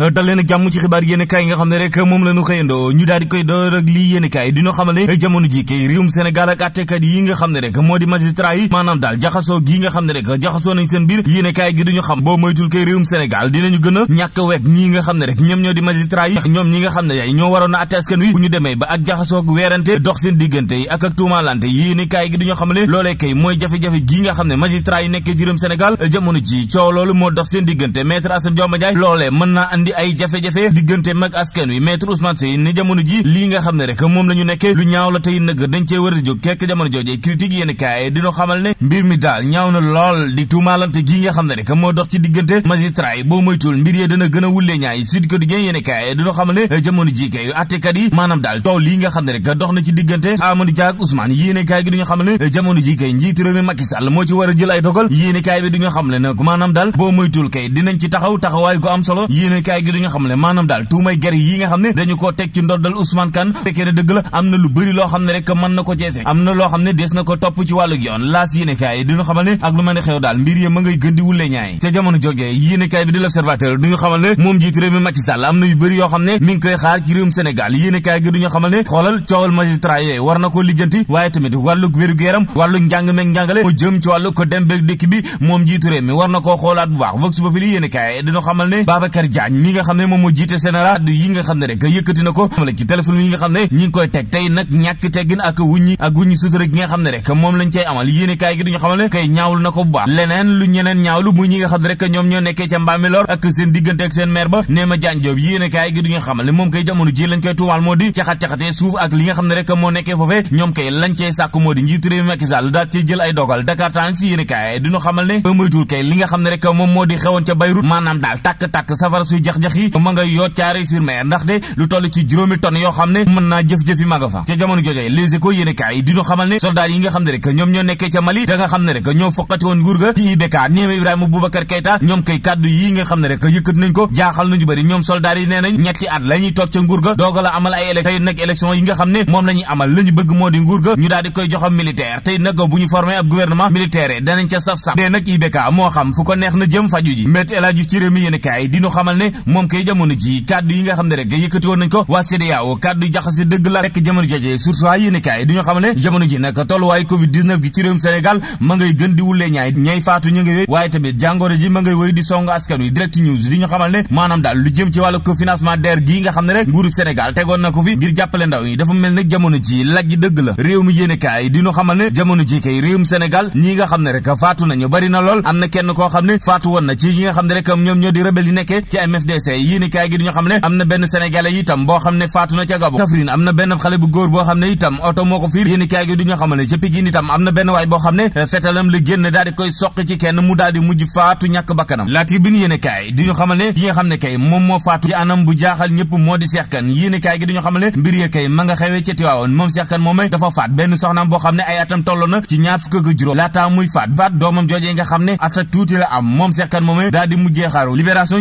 Euh, dal leen jàmm ci xibaar yéen nga xam ne rek moom la xëyandoo ñu daal koy door ak lii yéen dina xamal ne ji a ñàkk a coow loolu moo dox seen diggante maître Assane Dioma Ndiaye loolee mën naa andi ay jafe-jafe diggante mag askan wi maître Ousmane Seye ni jamono ji lii nga xam ne rek moom la ñu lu ñaaw la tey nag dañ cee war a jóg kekk jamono joojee critique yéen dina xamal ne mbir na lool di tuumaalante gii nga xam ne rek moo dox ci a wullee ñaay Sud Quotidien yéen kaay dina xamal ne jamono ji kay attekat yi maanaam daal tool lii nga xam ne rek dox na ci diggante Amadou Dia ak Ousmane yéen kaay gi duñu xam ne jamono ji kay njiitu réew mi Macky Sall moo ci war a jël ay dogal yéen bi duñu xam ne nag maanaam daal boo moytul solo yéenekaay kaay gi duñu xam ne maanaam daal tuumay ger yi nga xam ne dañu ko teg ci ndoddal Ousmane Kane fekkee ne dëgg la am na lu bëri loo xam ne rek mën na ko jeefe am na loo xam ne des na ko topp ci wàllu on laas yéene kaay yi duñu xamal ne a xew daal mbir yi ma ngay gën di wulee ñaay ca jamono jógee yéene kaay bi di l'observateur duñu xamal ne moom am na yu bëri yoo xam ne mi ngi koy xaar ci réewum Sénégal yéene kaay gi duñu xamal ne xoolal coowal magistrat war na ko lijjanti waaye tamit wàllu wér-gu-yaram wàllu njàng meeg njàngale mu jëm ci wàllu ko dem beeg bi moom jiitu réew war na koo xoolaat bu baax vox populi yéene kaay duñu xamal ne Babacar Diagne moom moo jiite sénérad yi nga xam ne rek yëkkati na ko moom lañ cay amal yéene nga xam ne rek ñoom moom kay lañ koy tuumaal moo di caxat rek moo nekkee daal cay jël ay dogal Dakar Times yéene kaay duñu xamal ne ba moytul kay li nga xam ne rek moom moo di xewoon ca Bayrout maanaam daal tàkk tàkk safara suy jax-jax yi ma nga yoot caare sur mer ndax de lu toll ci juróomi tonn yoo xam ne mën naa jëf-jëfi ma fa ca jamono jojee les échos yéene kaay di xamal ne soldat yi nga xam ne rek ñoom ñoo kàddu yi nga xam ne rek yëkkat nañ ko jaaxal nañu bëri ñoom soldat yi nee nañ ñetti at la toog ca nguur ga dooga la amal ay élection yi nga xam ne moom la amal la bëgg moo di nguur ga ñu daal di koy joxam militaire tey nag bu ñu formé kaay dinu xamal ne moom kay jamono ji kàddu yi nga xam la rek jamono jooje sursoa yéen i kaay di ñu xamal ne jamono ji nag tolluwaay covid 19 gi ci réewum Sénégal ma yi nga xam ne rek am ñoom ñoo di rebelle nekke ci MFDC yéenekaay gi duñu xam ne am na benn sénégalais itam boo xam ne faatu na ca Gabon Kaffrine am na benn xale bu góor boo xam ne itam oto moo ko fiir yéenekaay gi duñu xamal ne ci kenn xam ne kay moom moo faatu ci anam bu jaaxal ñëpp moo di Cheikh Kane yéenekaay gi duñu xamal ne mbir ya kay ma nga xewee ca Tiwaawoon moom Cheikh Kane moom dafa faat benn soxnaam boo xam ne ay atam tolloo ci ñaar fukk ak juróom laataa muy faat faat doomam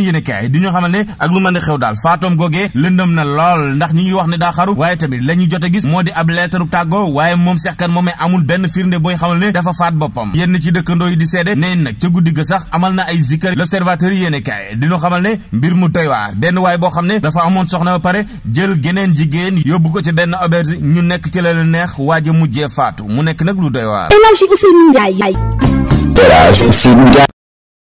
yéenekaay di ñu xamal ne ak lu mën a xew daal faatoom googee lëndëm na lool ndax ñi ngi wax ne daa xaru waaye tamit la ñu jot a gis moo di ab leetaru tàggoo waaye moom Cheikh Kane moomee amul benn firnde booy xamal ne dafa faat boppam yenn ci dëkkandoo yi di seede ne nag ca guddi ga sax amal na ay zikkar l'observateur yi yéenekaay di ñu xamal ne mbir mu doy waar benn waay boo xam ne dafa amoon soxna ba pare jël geneen jigéen yóbbu ko ci benn auberge ñu nekk ci la neex waaja mujjee faatu mu nekk nag lu doy waar